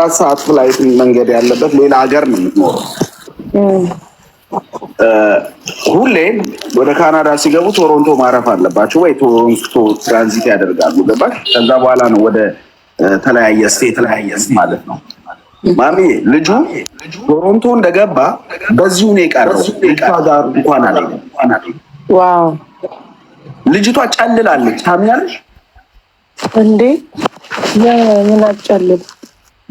አራት ሰዓት ፍላይት መንገድ ያለበት ሌላ ሀገር ነው የምትኖረው። ሁሌ ወደ ካናዳ ሲገቡ ቶሮንቶ ማረፍ አለባቸው ወይ ቶሮንቶ ትራንዚት ያደርጋሉ። ገባሽ? ከዛ በኋላ ነው ወደ ተለያየ ስቴት ተለያየስ ማለት ነው። ማሚ ልጁ ቶሮንቶ እንደገባ በዚሁ ነው የቀረው። ጋር እንኳን አለ ልጅቷ ጨልላለች። ታምኛለሽ እንዴ? ምን አጨልል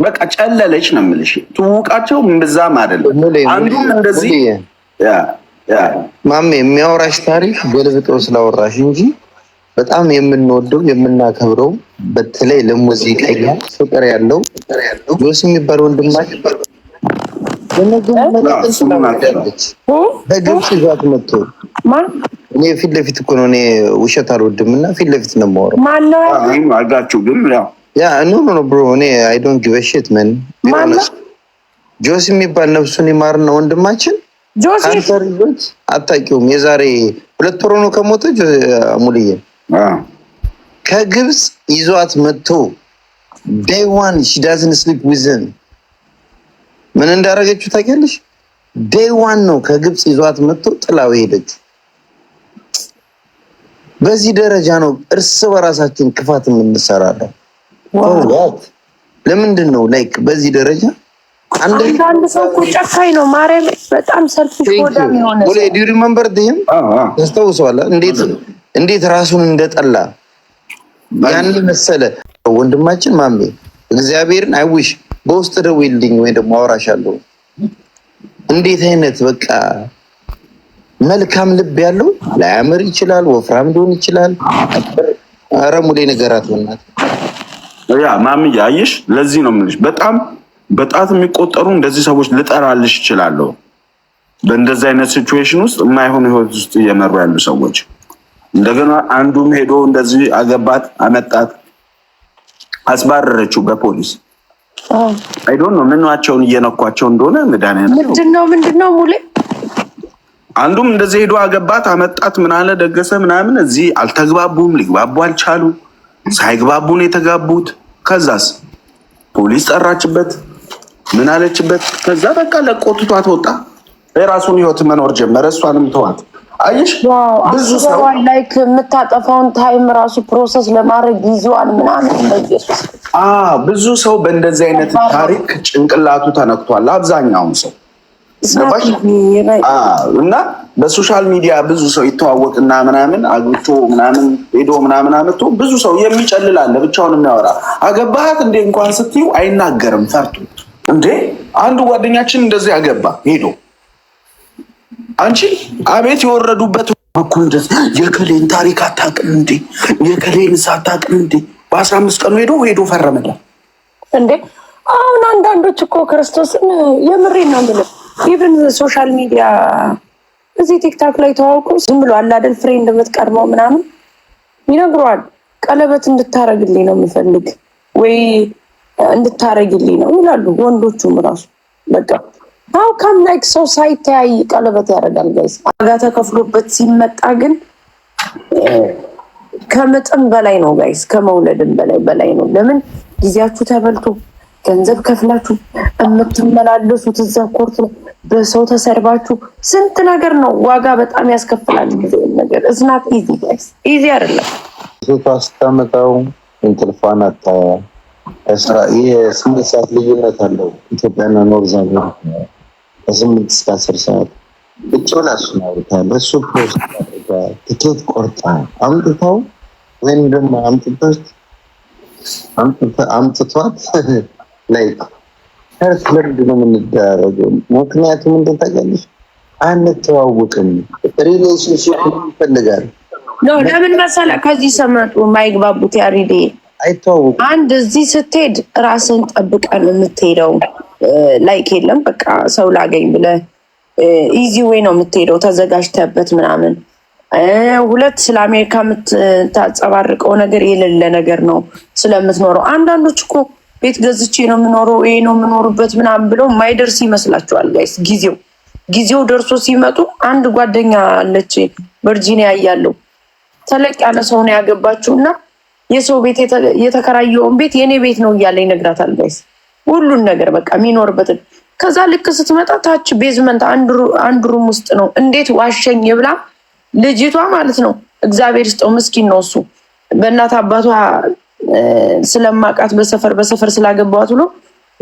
በቃ ጨለለች ነው የምልሽ። ትውቃቸው እምብዛም አይደለም። አንዱም እንደዚህ ማሜ የሚያወራሽ ታሪክ ገልብጦ ስላወራሽ እንጂ በጣም የምንወደው የምናከብረው በተለይ ለሙዚቀኛ ፍቅር ያለው ጆስ የሚባል ወንድማች በግብፅ ይዟት መጥቶ እኔ ፊት ለፊት እኮ ነው እኔ ውሸት አልወድም እና ፊት ለፊት ነው የማወራው። አጋችሁ ግን ያው ያ ኖ ኖ ኖ ብሮ እኔ አይ ዶንት ጊቭ አ ሺት መን ጆሲ የሚባል ነፍሱን ይማርና ወንድማችን ካንሰር ይዞት አታውቂውም። የዛሬ ሁለት ወር ነው ከሞተ ሙልዬ ከግብፅ ይዟት መጥቶ ዴይ ዋን ሺ ዳዝን ስሊፕ ዊዝን ምን እንዳደረገችው ታውቂያለሽ? ዴይ ዋን ነው ከግብፅ ይዟት መጥቶ ጥላው ሄደችው። በዚህ ደረጃ ነው እርስ በራሳችን ክፋት የምንሰራለን። ለምንድን ነው ላይክ በዚህ ደረጃ አንድ አንድ ሰው እኮ ጨካኝ ነው። ማርያም በጣም ሰልፊሽ ሆዳም የሆነ ወለ ዱ ሪመምበር ዲም ታስታውሰዋል? እንዴት እንዴት ራሱን እንደጠላ ያን መሰለ ወንድማችን ማሜ እግዚአብሔርን አይውሽ በውስጥ ደውይልኝ ወይ ደግሞ አወራሻለሁ። እንዴት አይነት በቃ መልካም ልብ ያለው ላያምር ይችላል፣ ወፍራም ሊሆን ይችላል። ኧረ ሙሌ ነገራት ወናት ያ ማምዬ አየሽ፣ ለዚህ ነው የምልሽ። በጣም በጣት የሚቆጠሩ እንደዚህ ሰዎች ልጠራልሽ እችላለሁ። በእንደዚህ አይነት ሲቹዌሽን ውስጥ የማይሆን ህይወት ውስጥ እየመሩ ያሉ ሰዎች እንደገና አንዱም ሄዶ እንደዚህ አገባት፣ አመጣት፣ አስባረረችው በፖሊስ አይዶን ነው ምኗቸውን እየነኳቸው እንደሆነ መድኃኒዓለም ምንድነው ምንድነው ሙሌ አንዱም እንደዚህ ሄዶ አገባት፣ አመጣት፣ ምናለ ደገሰ ምናምን እዚህ አልተግባቡም፣ ሊግባቡ አልቻሉ። ሳይግባቡ ነው የተጋቡት። ከዛስ ፖሊስ ጠራችበት፣ ምን አለችበት። ከዛ በቃ ለቆትቷት ወጣ፣ የራሱን ህይወት መኖር ጀመረ። እሷንም ተዋት። አየሽ ብዙ ሰው ላይክ የምታጠፋውን ታይም ራሱ ፕሮሰስ ለማድረግ ይዟል ምናምን። ብዙ ሰው በእንደዚህ አይነት ታሪክ ጭንቅላቱ ተነክቷል። አብዛኛውን ሰው ገባሽ እና በሶሻል ሚዲያ ብዙ ሰው ይተዋወቅና ምናምን አግብቶ ምናምን ሄዶ ምናምን አመቶ ብዙ ሰው የሚጨልላለ ብቻውን የሚያወራ አገባሃት እንዴ እንኳን ስትዩ አይናገርም ፈርቶ። እንዴ አንዱ ጓደኛችን እንደዚህ አገባ ሄዶ አንቺ አቤት የወረዱበት እኮ የከሌን ታሪክ አታውቅም እንዴ የከሌን ሳታውቅም እንዴ በአስራ አምስት ቀኑ ሄዶ ሄዶ ፈረመላል እንዴ። አሁን አንዳንዶች እኮ ክርስቶስን የምሬ ነው ምልም ኢቨን ሶሻል ሚዲያ እዚህ ቲክታክ ላይ ተዋውቁ ዝም ብሎ አላደል ፍሬ እንደምትቀርበው ምናምን ይነግረዋል። ቀለበት እንድታረግልኝ ነው የምፈልግ ወይ እንድታረግልኝ ነው ይላሉ ወንዶቹም ራሱ በቃ አው ካም ላይክ ሰው ሳይተያይ ቀለበት ያደርጋል ጋይስ። ዋጋ ተከፍሎበት ሲመጣ ግን ከመጠን በላይ ነው ጋይስ፣ ከመውለድም በላይ በላይ ነው። ለምን ጊዜያችሁ ተበልቶ ገንዘብ ከፍላችሁ የምትመላለሱት እዛ ኮርት ነው። በሰው ተሰርባችሁ ስንት ነገር ነው ዋጋ በጣም ያስከፍላል። ጊዜ ነገር እዝናት ኢዚ ኢዚ አይደለም። ሴቷ ስታመጣው እንቅልፏን አታ የስምንት ሰዓት ልዩነት አለው ኢትዮጵያና ኖርዝ ከስምንት እስከ አስር ሰዓት እጭ ብላ እሱን አውርታል። እሱ ፖስት አድርጋ ትኬት ቆርጣ አምጥታው ወይም ደግሞ አምጥቶት አምጥቷት ላይ እርስ ለርድ ነው የምንደረገው። ምክንያቱም እንትን ታውቂያለሽ፣ አንተዋወቅም ሪሌሽንሽፕ ይፈልጋል። ለምን መሰለህ ከዚህ ሰመጡ ማይግባቡት ያሪዴ አይተዋወቁም። አንድ እዚህ ስትሄድ ራስን ጠብቀን የምትሄደው ላይክ የለም በቃ ሰው ላገኝ ብለህ ኢዚ ዌይ ነው የምትሄደው ተዘጋጅተበት ምናምን ሁለት ስለ አሜሪካ የምታንጸባርቀው ነገር የሌለ ነገር ነው ስለምትኖረው። አንዳንዶች እኮ ቤት ገዝቼ ነው የምኖረው፣ ይሄ ነው የምኖርበት ምናምን ብለው ማይደርስ ይመስላችኋል ጋይስ። ጊዜው ጊዜው ደርሶ ሲመጡ አንድ ጓደኛ አለች ቨርጂኒያ እያለው ተለቅ ያለ ሰው ነው ያገባችው እና የሰው ቤት የተከራየውን ቤት የኔ ቤት ነው እያለ ይነግራታል ጋይስ። ሁሉን ነገር በቃ የሚኖርበትን ከዛ ልክ ስትመጣ ታች ቤዝመንት አንድ ሩም ውስጥ ነው። እንዴት ዋሸኝ ብላ ልጅቷ ማለት ነው። እግዚአብሔር ስጠው ምስኪን ነው እሱ በእናት አባቷ ስለማውቃት በሰፈር በሰፈር ስላገባት ብሎ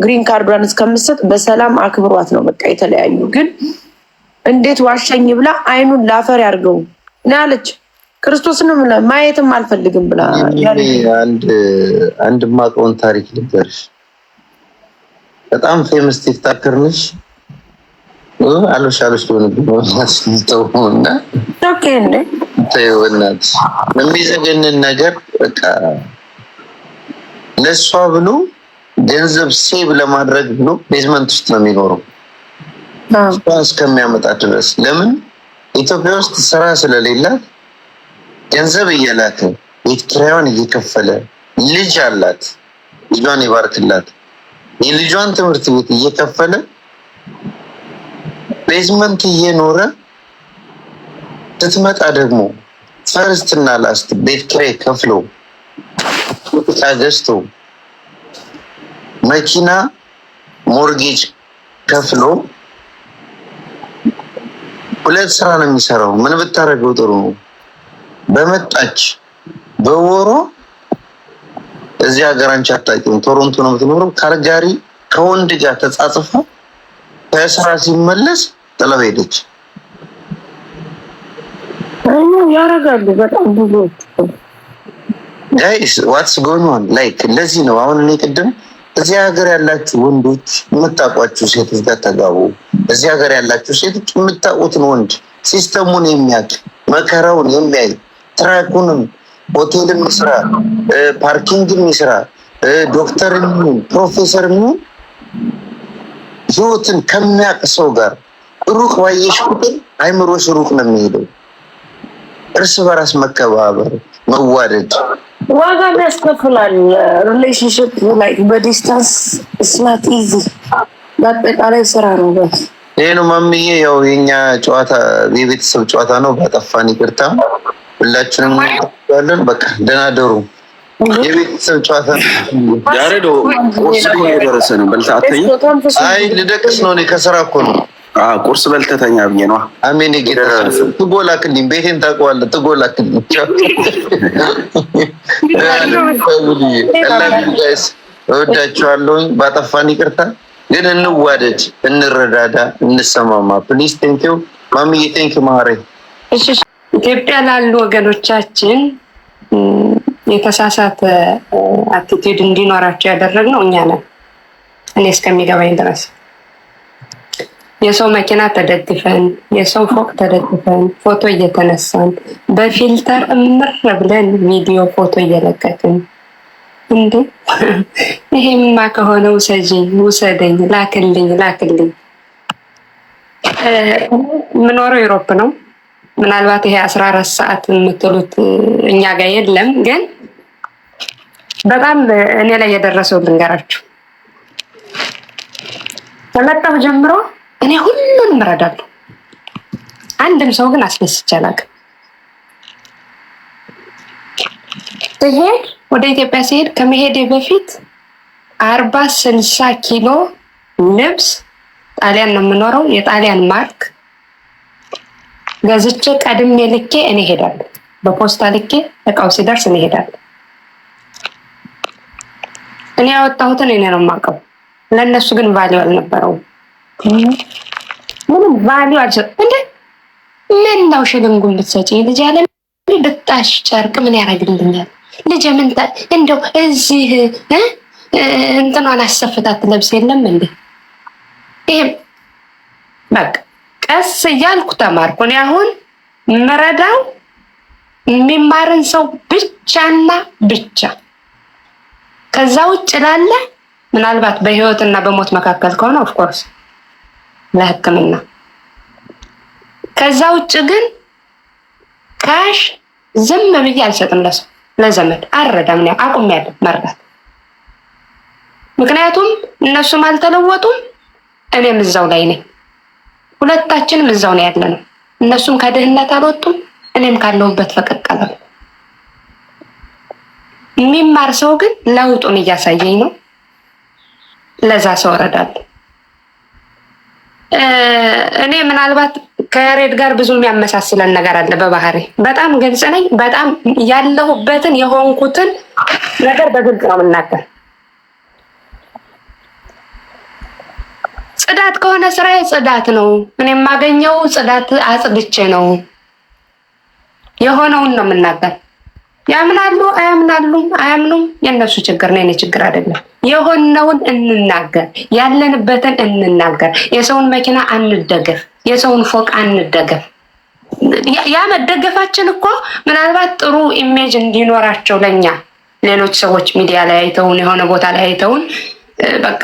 ግሪን ካርዷን እስከምሰጥ በሰላም አክብሯት ነው በቃ የተለያዩ። ግን እንዴት ዋሸኝ ብላ አይኑን ላፈር ያርገው ነው ያለች። ክርስቶስንም ማየትም አልፈልግም ብላ አንድ ማቀውን ታሪክ ልበርሽ። በጣም ፌመስ ቲክታከር ነሽ። አሎሽ አሎሽ ሊሆንብኝ ተውና ተይው የሚዘገንን ነገር በቃ ለእሷ ብሎ ገንዘብ ሴብ ለማድረግ ብሎ ቤዝመንት ውስጥ ነው የሚኖረው እስከሚያመጣ ድረስ። ለምን ኢትዮጵያ ውስጥ ስራ ስለሌላት ገንዘብ እየላከ ቤት ኪራዩን እየከፈለ ልጅ አላት፣ ልጇን ይባርክላት፣ የልጇን ትምህርት ቤት እየከፈለ ቤዝመንት እየኖረ ስትመጣ ደግሞ ፈርስትና ላስት ቤት ኪራይ ከፍሎ እቃ መኪና ሞርጌጅ ከፍሎ ሁለት ስራ ነው የሚሰራው። ምን ብታደርገው ጥሩ ነው? በመጣች በወሮ እዚህ ሀገር አንቺ አታውቂውም። ቶሮንቶ ነው የምትኖረው። ካልጋሪ ከወንድ ጋር ተጻጽፎ ከስራ ሲመለስ ጥለው ሄደች። ያረጋሉ በጣም ብዙዎች ጋይስ ዋትስ ጎን ኦን ላይክ እንደዚህ ነው አሁን እኔ ቅድም እዚህ ሀገር ያላችሁ ወንዶች የምታውቋችሁ ሴቶች ጋር ተጋቡ። እዚህ ሀገር ያላችሁ ሴቶች የምታውቁትን ወንድ ሲስተሙን የሚያውቅ መከራውን የሚያይ ትራኩንም፣ ሆቴልም ይስራ፣ ፓርኪንግም ይስራ፣ ዶክተር የሚሆን ፕሮፌሰር የሚሆን ህይወትን ከሚያውቅ ሰው ጋር ሩቅ ባየሽ ቁጥር አይምሮሽ ሩቅ ነው የሚሄደው። እርስ በራስ መከባበር መዋደድ ዋጋ ያስከፍላል። ሪሌሽንሽፕ ላይ በዲስታንስ ስናት ኢዚ በአጠቃላይ ስራ ነው። በ ይህ ነው ማምዬ፣ ያው የኛ ጨዋታ የቤተሰብ ጨዋታ ነው። በጠፋን ይቅርታ፣ ሁላችንም ያለን በቃ ደህና ደሩ። የቤተሰብ ጨዋታ ነው። ነው። አይ ልደቅስ ነው። እኔ ከስራ እኮ ነው ቁርስ በልተተኛ ተኛ ብዬ ነዋ። አሜን። ጌታ ትጎ ቤቴን ታውቀዋለህ። ትጎ ላክልኝ። እወዳችኋለሁኝ። ባጠፋን ይቅርታ፣ ግን እንዋደድ፣ እንረዳዳ፣ እንሰማማ። ፕሊዝ ቴንኪው ማሚዬ፣ ቴንኪው ማሬ። ኢትዮጵያ ላሉ ወገኖቻችን የተሳሳተ አቲቲዩድ እንዲኖራቸው ያደረግነው እኛ ነን፣ እኔ እስከሚገባኝ ድረስ የሰው መኪና ተደግፈን የሰው ፎቅ ተደግፈን ፎቶ እየተነሳን በፊልተር እምር ብለን ቪዲዮ ፎቶ እየለቀቅን እንዴ! ይሄማ ከሆነ ውሰጂኝ፣ ውሰደኝ፣ ላክልኝ፣ ላክልኝ። የምኖረው ዩሮፕ ነው። ምናልባት ይሄ አስራ አራት ሰዓት የምትሉት እኛ ጋር የለም፣ ግን በጣም እኔ ላይ የደረሰው ልንገራችሁ ከመጣሁ ጀምሮ እኔ ሁሉንም እረዳለሁ። አንድም ሰው ግን አስነስቼ አላውቅም። ወደ ኢትዮጵያ ሲሄድ ከመሄዴ በፊት አርባ ስልሳ ኪሎ ልብስ ጣሊያን ነው የምኖረው፣ የጣሊያን ማርክ ገዝቼ ቀድሜ ልኬ እኔ ሄዳለሁ። በፖስታ ልኬ እቃው ሲደርስ እኔ ሄዳለሁ። እኔ ያወጣሁትን እኔ ነው የማውቀው። ለእነሱ ግን ቫሊዋል አልነበረውም። ምንም ቫሊዩ አልሰጥም። እንደ ምን ነው ሽልንጉ ልትሰጪ ልጅ ያለ ብጣሽ ጨርቅ ምን ያደርግልኛል? ልጅ ምን እንደው እዚህ እንትኗን አሰፍታት ለብስ የለም እንዴ? ይሄም በቃ ቀስ እያልኩ ተማርኩ። እኔ አሁን ምረዳው የሚማርን ሰው ብቻና ብቻ ከዛ ውጭ ላለ ምናልባት በህይወትና በሞት መካከል ከሆነ ኦፍኮርስ ለህክምና። ከዛ ውጭ ግን ካሽ ዝም ብዬ አልሰጥም ለሰው ለዘመድ አልረዳም። አቁም ያለ መርዳት። ምክንያቱም እነሱም አልተለወጡም፣ እኔም እዛው ላይ ነኝ። ሁለታችንም እዛው ነው ነው። እነሱም ከድህነት አልወጡም፣ እኔም ካለሁበት ፈቀቅ አላልኩም። የሚማር ሰው ግን ለውጡን እያሳየኝ ነው። ለዛ ሰው እረዳለሁ። እኔ ምናልባት ከሬድ ጋር ብዙ የሚያመሳስለን ነገር አለ። በባህሪ በጣም ግልጽ ነኝ። በጣም ያለሁበትን የሆንኩትን ነገር በግልጽ ነው የምናገር። ጽዳት ከሆነ ስራዬ ጽዳት ነው። እኔ የማገኘው ጽዳት አጽድቼ ነው። የሆነውን ነው የምናገር። ያምናሉ አያምናሉ አያምኑም የእነሱ ችግር ነው፣ የኔ ችግር አይደለም። የሆነውን እንናገር፣ ያለንበትን እንናገር። የሰውን መኪና አንደገፍ፣ የሰውን ፎቅ አንደገፍ። ያ መደገፋችን እኮ ምናልባት ጥሩ ኢሜጅ እንዲኖራቸው ለኛ ሌሎች ሰዎች ሚዲያ ላይ አይተውን የሆነ ቦታ ላይ አይተውን በቃ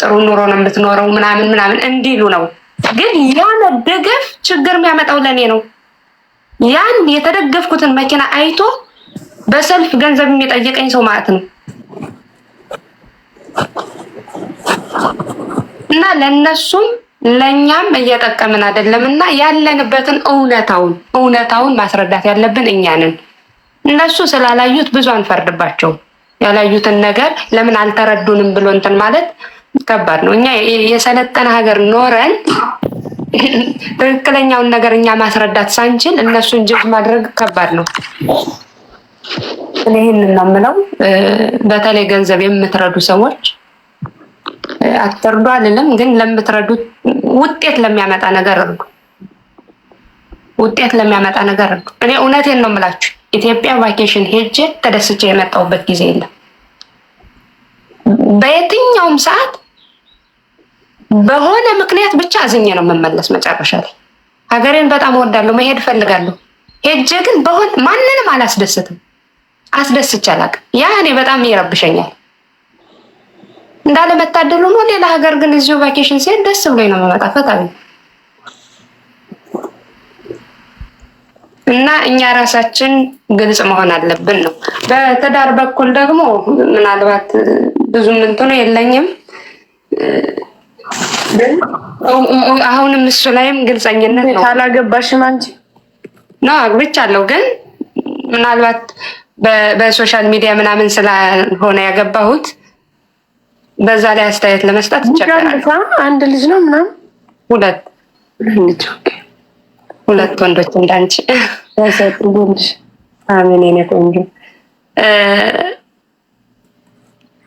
ጥሩ ኑሮ ነው የምትኖረው ምናምን ምናምን እንዲሉ ነው። ግን ያ መደገፍ ችግር የሚያመጣው ለእኔ ነው። ያን የተደገፍኩትን መኪና አይቶ በሰልፍ ገንዘብ የጠየቀኝ ሰው ማለት ነው። እና ለነሱም ለኛም እየጠቀምን አይደለም። እና ያለንበትን እውነታውን እውነታውን ማስረዳት ያለብን እኛ ነን። እነሱ ስላላዩት ብዙ አንፈርድባቸው። ያላዩትን ነገር ለምን አልተረዱንም ብሎ እንትን ማለት ከባድ ነው። እኛ የሰለጠነ ሀገር ኖረን ትክክለኛውን ነገር እኛ ማስረዳት ሳንችል እነሱን ጅብ ማድረግ ከባድ ነው። ይህንን ነው የምለው። በተለይ ገንዘብ የምትረዱ ሰዎች አትርዱ አልልም፣ ግን ለምትረዱት ውጤት ለሚያመጣ ነገር እርዱ። ውጤት ለሚያመጣ ነገር እርዱ። እኔ እውነቴን ነው የምላችሁ። ኢትዮጵያ ቫኬሽን ሄጄ ተደስቼ የመጣሁበት ጊዜ የለም። በየትኛውም ሰዓት በሆነ ምክንያት ብቻ አዝኜ ነው የምመለስ። መጨረሻ ላይ ሀገሬን በጣም ወዳለሁ፣ መሄድ እፈልጋለሁ። ሄጀ ግን በሆነ ማንንም አላስደስትም፣ አስደስቼ አላውቅም። ያ እኔ በጣም ይረብሸኛል። እንዳለመታደሉ ነው። ሌላ ሀገር ግን እዚሁ ቫኬሽን ሲሄድ ደስ ብሎኝ ነው የምመጣ ፈጣሪ እና እኛ ራሳችን ግልጽ መሆን አለብን ነው። በትዳር በኩል ደግሞ ምናልባት ብዙ ምንትኑ የለኝም አሁንም እሱ ላይም ግልጸኝነት ነው። አላገባሽም አንቺ ነው አግብቻለሁ፣ ግን ምናልባት በሶሻል ሚዲያ ምናምን ስላልሆነ ያገባሁት በዛ ላይ አስተያየት ለመስጠት ይቸገራል። አንድ ልጅ ነው ምናምን ሁለት ልጅ ሁለት ወንዶች እንዳንቺ ያሰጥልሽ። አሜን የኔ ቆንጆ።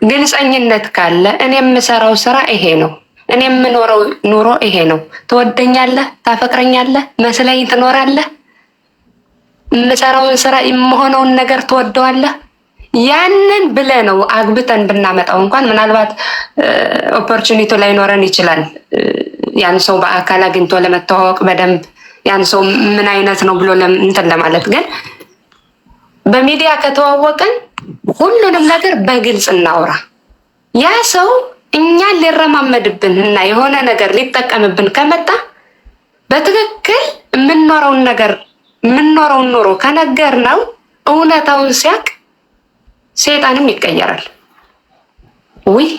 ግልጸኝነት ካለ እኔ የምሰራው ስራ ይሄ ነው፣ እኔ የምኖረው ኑሮ ይሄ ነው፣ ትወደኛለህ፣ ታፈቅረኛለህ፣ መስለኝ ትኖራለህ፣ የምሰራውን ስራ የምሆነውን ነገር ትወደዋለህ ያንን ብለ ነው አግብተን ብናመጣው እንኳን ምናልባት ኦፖርቹኒቲ ላይ ኖረን ይችላል። ያን ሰው በአካል አግኝቶ ለመተዋወቅ በደንብ ያን ሰው ምን አይነት ነው ብሎ እንትን ለማለት ግን በሚዲያ ከተዋወቅን ሁሉንም ነገር በግልጽ እናውራ። ያ ሰው እኛን ሊረማመድብን እና የሆነ ነገር ሊጠቀምብን ከመጣ በትክክል የምንኖረውን ነገር የምንኖረውን ኑሮ ከነገር ነው እውነታውን ሲያቅ ሴጣንም ይቀየራል። ውይ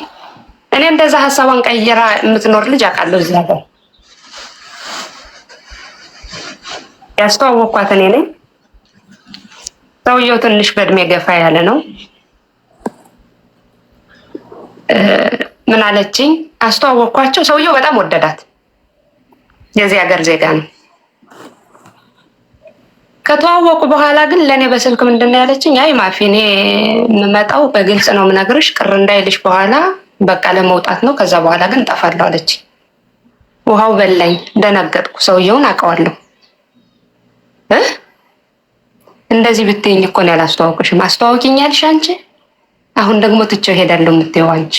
እኔ እንደዛ ሀሳቧን ቀይራ የምትኖር ልጅ አውቃለሁ እዚህ ሀገር ያስተዋወቅኳት እኔ ነኝ። ሰውየው ትንሽ በእድሜ ገፋ ያለ ነው። ምን አለችኝ? አስተዋወቅኳቸው። ሰውየው በጣም ወደዳት። የዚህ ሀገር ዜጋ ነው። ከተዋወቁ በኋላ ግን ለእኔ በስልክ ምንድን ነው ያለችኝ? አይ ማፊ፣ እኔ የምመጣው በግልጽ ነው ምነግርሽ፣ ቅር እንዳይልሽ በኋላ በቃ ለመውጣት ነው። ከዛ በኋላ ግን እጠፋለሁ አለችኝ። ውሃው በላኝ፣ ደነገጥኩ። ሰውየውን አውቀዋለሁ እንደዚህ ብትይኝ እኮ ነው ያላስተዋወቅሽም። አስተዋውቂኛልሽ አንቺ። አሁን ደግሞ ትቼው ሄዳለሁ የምትይው አንቺ።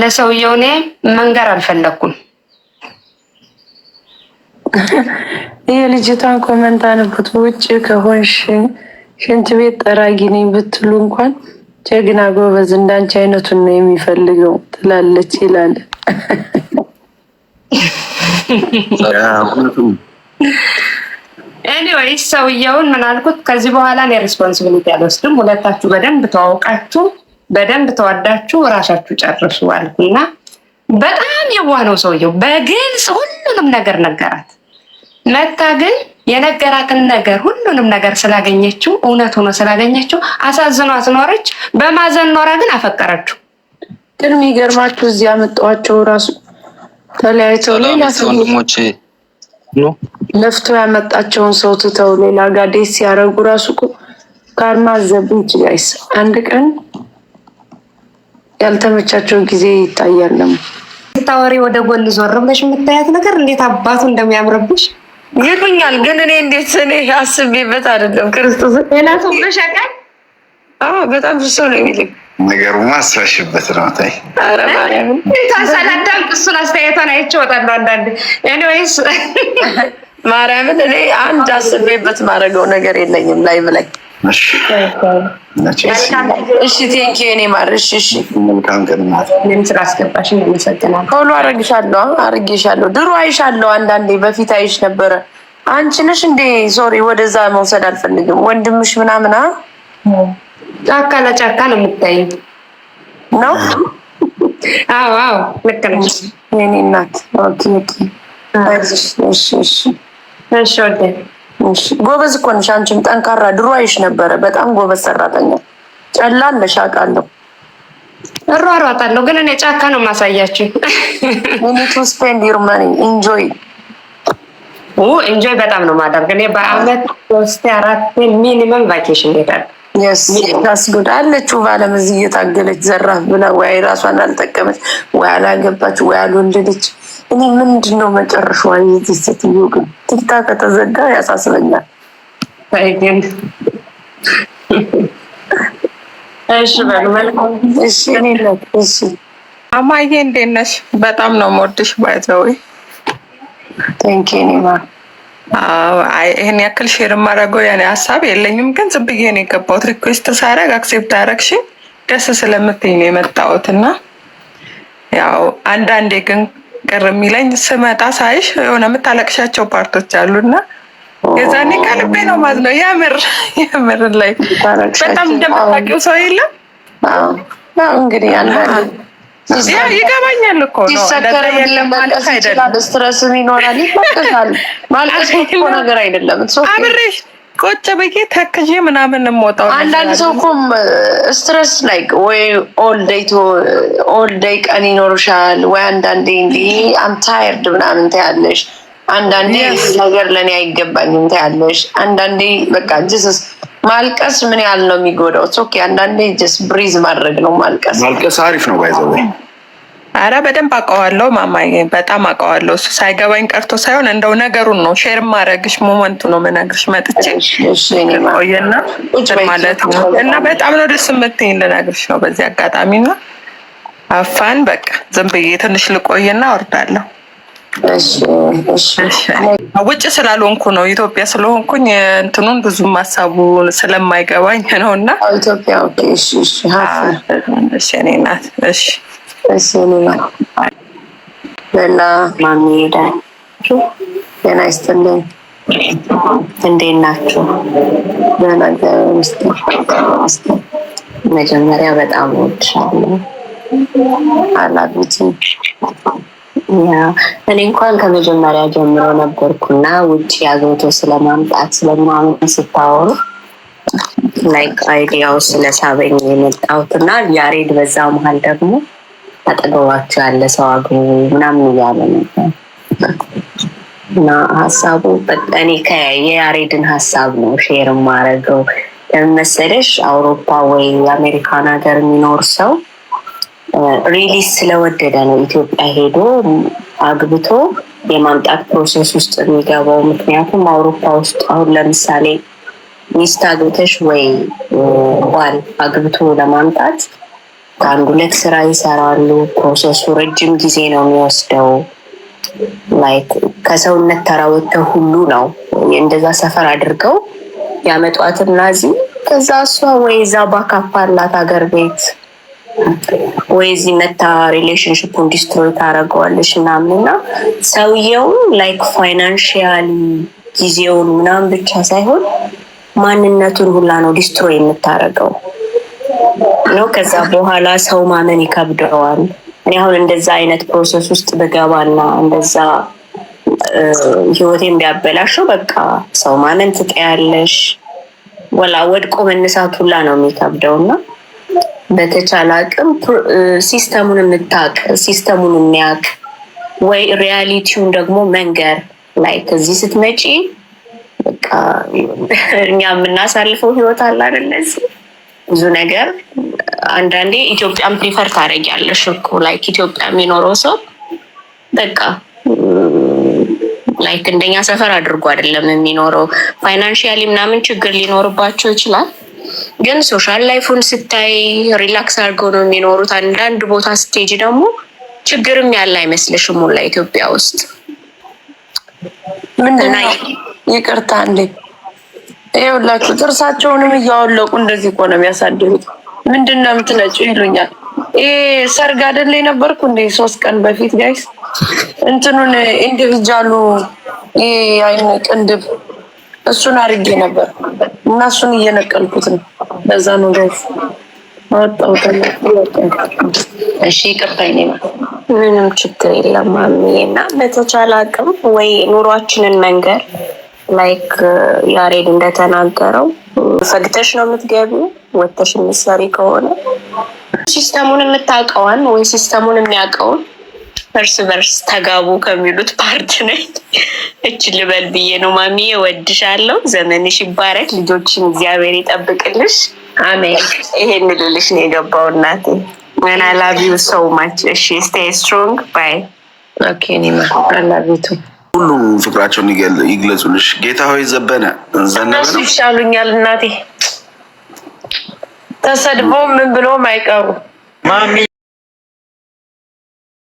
ለሰውየው እኔ መንገር አልፈለኩም። የልጅቷን ኮመንት አነቡት። ውጭ ከሆንሽ ሽንት ቤት ጠራጊ ነኝ ብትሉ እንኳን ጀግና ጎበዝ እንዳንቺ አይነቱን ነው የሚፈልገው ትላለች ይላል። ኤኒዌይ ሰውየውን ምን አልኩት፣ ከዚህ በኋላ እኔ ሪስፖንሲቢሊቲ አልወስድም፣ ሁለታችሁ በደንብ ተዋውቃችሁ በደንብ ተዋዳችሁ እራሳችሁ ጨርሱ እና በጣም የዋህ ነው ሰውየው። በግልጽ ሁሉንም ነገር ነገራት። መታ ግን የነገራትን ነገር ሁሉንም ነገር ስላገኘችው እውነት ሆኖ ስላገኘችው አሳዝኗት ኖረች። በማዘን ኖራ ግን አፈቀረችው። ግን የሚገርማችሁ እዚህ ያመጣኋቸው ራሱ ተለያይተው ሌላ ሰው ወንድሞቼ ለፍቶ ያመጣቸውን ሰው ትተው ሌላ ጋር ዴት ሲያደርጉ ራሱ ካርማ ዘብኝ ጋይስ፣ አንድ ቀን ያልተመቻቸው ጊዜ ይታያል። ደግሞ ታወሪ ወደ ጎን ዞር ብለሽ የምታያት ነገር እንዴት አባቱ እንደሚያምርብሽ ይሉኛል። ግን እኔ እንዴት እኔ አስቤበት አይደለም። ክርስቶስ ሌላ ሰው ብለሽ ያውቃል። በጣም ብሶ ነው የሚልኝ ነገሩ ማስራሽበት ነው። ታይ ታሰላዳም እሱን አስተያየቷን አይቼ እወጣለሁ። አንዳንዴ ኤኒዌይስ ማርያምን እኔ አንድ አስቤበት ማድረገው ነገር የለኝም ላይ ብላይ እሺ፣ ቴንኪ ኔ ማርሽ። እሺ ስላስገባሽ ቶሎ አረግሻለሁ፣ አርጌሻለሁ። ድሮ አይሻለሁ፣ አንዳንዴ በፊት አይሽ ነበረ። አንቺ ነሽ እንዴ? ሶሪ፣ ወደዛ መውሰድ አልፈልግም። ወንድምሽ ምናምና ጫካ ለጫካ ነው የምታይኝ ነው። አዎ አዎ፣ ልክ ነሽ የኔ እናት። ኦኬ ኦኬ፣ ጎበዝ እኮ ነሽ አንቺም፣ ጠንካራ ድሮ አይሽ ነበረ። በጣም ጎበዝ ሰራተኛ ጨላለሽ፣ አውቃለሁ። እሯሯጣለሁ ግን እኔ ጫካ ነው የማሳያችሁ። ቱ ስፔንድ ዩር መኒ ኢንጆይ ኢንጆይ በጣም ነው ማደርግ። እኔ በአመት ሶስቴ አራቴ ሚኒመም ቫኬሽን ሄዳለሁ። ስጉድ አለችው በአለም እዚህ እየታገለች ዘራፍ ብላ ወይ ራሷን አልጠቀመች ወይ አላገባች ወይ አልወለደች። እኔ ምንድን ነው መጨረሻዋ? የዚህ ሴትዮ ግን ቲክታ ከተዘጋ ያሳስበኛል። አማዬ እንዴት ነሽ? በጣም ነው የምወድሽ። ባይዘወይ ቴንኪ ኔማ ይህን ያክል ሼር ማድረገው የኔ ሀሳብ የለኝም፣ ግን ዝም ብዬ ነው የገባሁት። ሪኩዌስት ሳደርግ አክሴፕት አደረግሽኝ ደስ ስለምትኝ ነው የመጣሁት እና ያው አንዳንዴ ግን ቅር የሚለኝ ስመጣ ሳይሽ የሆነ የምታለቅሻቸው ፓርቶች አሉና የዛኔ ከልቤ ነው ማለት ነው። የምር የምር ላይ በጣም እንደምታውቂው ሰው የለም እንግዲህ አንዳንዴ ይገባኛል እኮ ነው። ስትረስም ይኖራል፣ ይታቀሳል። ማልቀስ እኮ ነገር አይደለም። አብሬ ቁጭ ብዬ ተክዤ ምናምን የምወጣው አንዳንድ ሰው እኮ ስትረስ ላይ ወይ ኦል ደይ uh, ቀን ይኖርሻል፣ ወይ አንዳንዴ እንዲህ አም ታይርድ ምናምን ትያለሽ አንዳንዴ ነገር ለእኔ አይገባኝም ታያለሽ። አንዳንዴ በቃ ጅስስ ማልቀስ ምን ያህል ነው የሚጎዳው? ኦኬ አንዳንዴ ጅስ ብሪዝ ማድረግ ነው ማልቀስ። ማልቀስ አሪፍ ነው ባይዘው። አረ በደንብ አውቀዋለሁ ማማዬ፣ በጣም አውቀዋለሁ። እሱ ሳይገባኝ ቀርቶ ሳይሆን እንደው ነገሩን ነው ሼር ማድረግሽ ሞመንቱ ነው መነግርሽ መጥቼ ቆየና ማለት ነው። እና በጣም ነው ደስ የምትይኝ ልነግርሽ ነው በዚህ አጋጣሚ። አጋጣሚና አፋን በቃ ዝም ብዬ ትንሽ ልቆይና አወርዳለሁ። ውጭ ስላልሆንኩ ነው። ኢትዮጵያ ስለሆንኩኝ እንትኑን ብዙም ሀሳቡ ስለማይገባኝ ነው። እና ኢትዮጵያ እኔ ናት። እሺ ማሚ ይስጥልኝ። እንዴት ናችሁ? መጀመሪያ በጣም ወድሻለሁ። እኔ እንኳን ከመጀመሪያ ጀምሮ ነበርኩና ውጭ ያዞቶ ስለማምጣት ስለምናምን ስታወሩ ላይክ አይዲያው ስለሳበኝ የመጣሁት እና ያሬድ በዛ መሀል ደግሞ አጠገባቸው ያለ ሰው አግቡ ምናምን እያለ ነበር እና ሀሳቡ እኔ የያሬድን ሀሳብ ነው ሼር ማረገው ለምን መሰለሽ አውሮፓ ወይ የአሜሪካን ሀገር የሚኖር ሰው ሪሊስ ስለወደደ ነው ኢትዮጵያ ሄዶ አግብቶ የማምጣት ፕሮሰስ ውስጥ የሚገባው። ምክንያቱም አውሮፓ ውስጥ አሁን ለምሳሌ ሚስት አግብተሽ ወይ ባል አግብቶ ለማምጣት ከአንድ ሁለት ስራ ይሰራሉ። ፕሮሰሱ ረጅም ጊዜ ነው የሚወስደው። ላይክ ከሰውነት ተራወተ ሁሉ ነው እንደዛ ሰፈር አድርገው ያመጧትና እዚህ ከዛ እሷ ወይ እዛ ባካፓላት ሀገር ቤት ወይ እዚህ መታ ሪሌሽንሽፑን ዲስትሮይ ታደርገዋለች ምናምን እና ሰውየውን ላይክ ፋይናንሽያል ጊዜውን ምናምን ብቻ ሳይሆን ማንነቱን ሁላ ነው ዲስትሮይ የምታደርገው ነው። ከዛ በኋላ ሰው ማመን ይከብደዋል። እኔ አሁን እንደዛ አይነት ፕሮሰስ ውስጥ ብገባና እንደዛ ህይወቴን ቢያበላሸው በቃ ሰው ማመን ትጠያለሽ። ወላ ወድቆ መነሳት ሁላ ነው የሚከብደው እና በተቻለ አቅም ሲስተሙን የምታቅ ሲስተሙን የሚያቅ ወይ ሪያሊቲውን ደግሞ መንገር ላይ ከዚህ ስትመጪ በቃ እኛ የምናሳልፈው ህይወት አለ አደለዚ ብዙ ነገር አንዳንዴ ኢትዮጵያን ፕሪፈር ታደርጊያለሽ እኮ ላይክ ኢትዮጵያ የሚኖረው ሰው በቃ ላይክ እንደኛ ሰፈር አድርጎ አይደለም የሚኖረው። ፋይናንሽያሊ ምናምን ችግር ሊኖርባቸው ይችላል። ግን ሶሻል ላይፉን ስታይ ሪላክስ አድርገው ነው የሚኖሩት። አንዳንድ ቦታ ስቴጅ ደግሞ ችግርም ያለ አይመስልሽም ሁላ ኢትዮጵያ ውስጥ ምንድን ነው? ይቅርታ እንዴ ይኸውላችሁ ጥርሳቸውንም እያወለቁ እንደዚህ እኮ ነው የሚያሳድሩት። ምንድን ነው የምትነጭው ይሉኛል። ይህ ሰርግ አይደለ የነበርኩ እንደ ሶስት ቀን በፊት ጋይስ እንትኑን ኢንዲቪጃሉ ይህ አይነ ቅንድብ እሱን አድርጌ ነበር እና እሱን እየነቀልኩት ነው። በዛ ነው ጋር እሺ፣ ይቅርታኝ። ምንም ችግር የለም ማሚ። እና በተቻለ አቅም ወይ ኑሯችንን መንገር ላይክ ያሬድ እንደተናገረው ፈግተሽ ነው የምትገቢው፣ ወተሽ የምትሰሪ ከሆነ ሲስተሙን የምታውቀዋን ወይ ሲስተሙን የሚያውቀውን እርስ በርስ ተጋቡ ከሚሉት ፓርት ነኝ። እች ልበል ብዬ ነው። ማሚ እወድሻለሁ። ዘመንሽ ይባረክ፣ ልጆችን እግዚአብሔር ይጠብቅልሽ። አሜን። ይሄን ልልሽ ነው የገባው እናቴ። ን አላቪ ሰው ማች። እሺ ስቴይ ስትሮንግ ባይ። ኦኬ ኒማ አላቪቱ ሁሉም ፍቅራቸውን ይግለጹልሽ። ጌታ ሆይ ዘበነ ዘነበ ነው ይሻሉኛል እናቴ። ተሰድቦ ምን ብሎም አይቀሩ ማሚ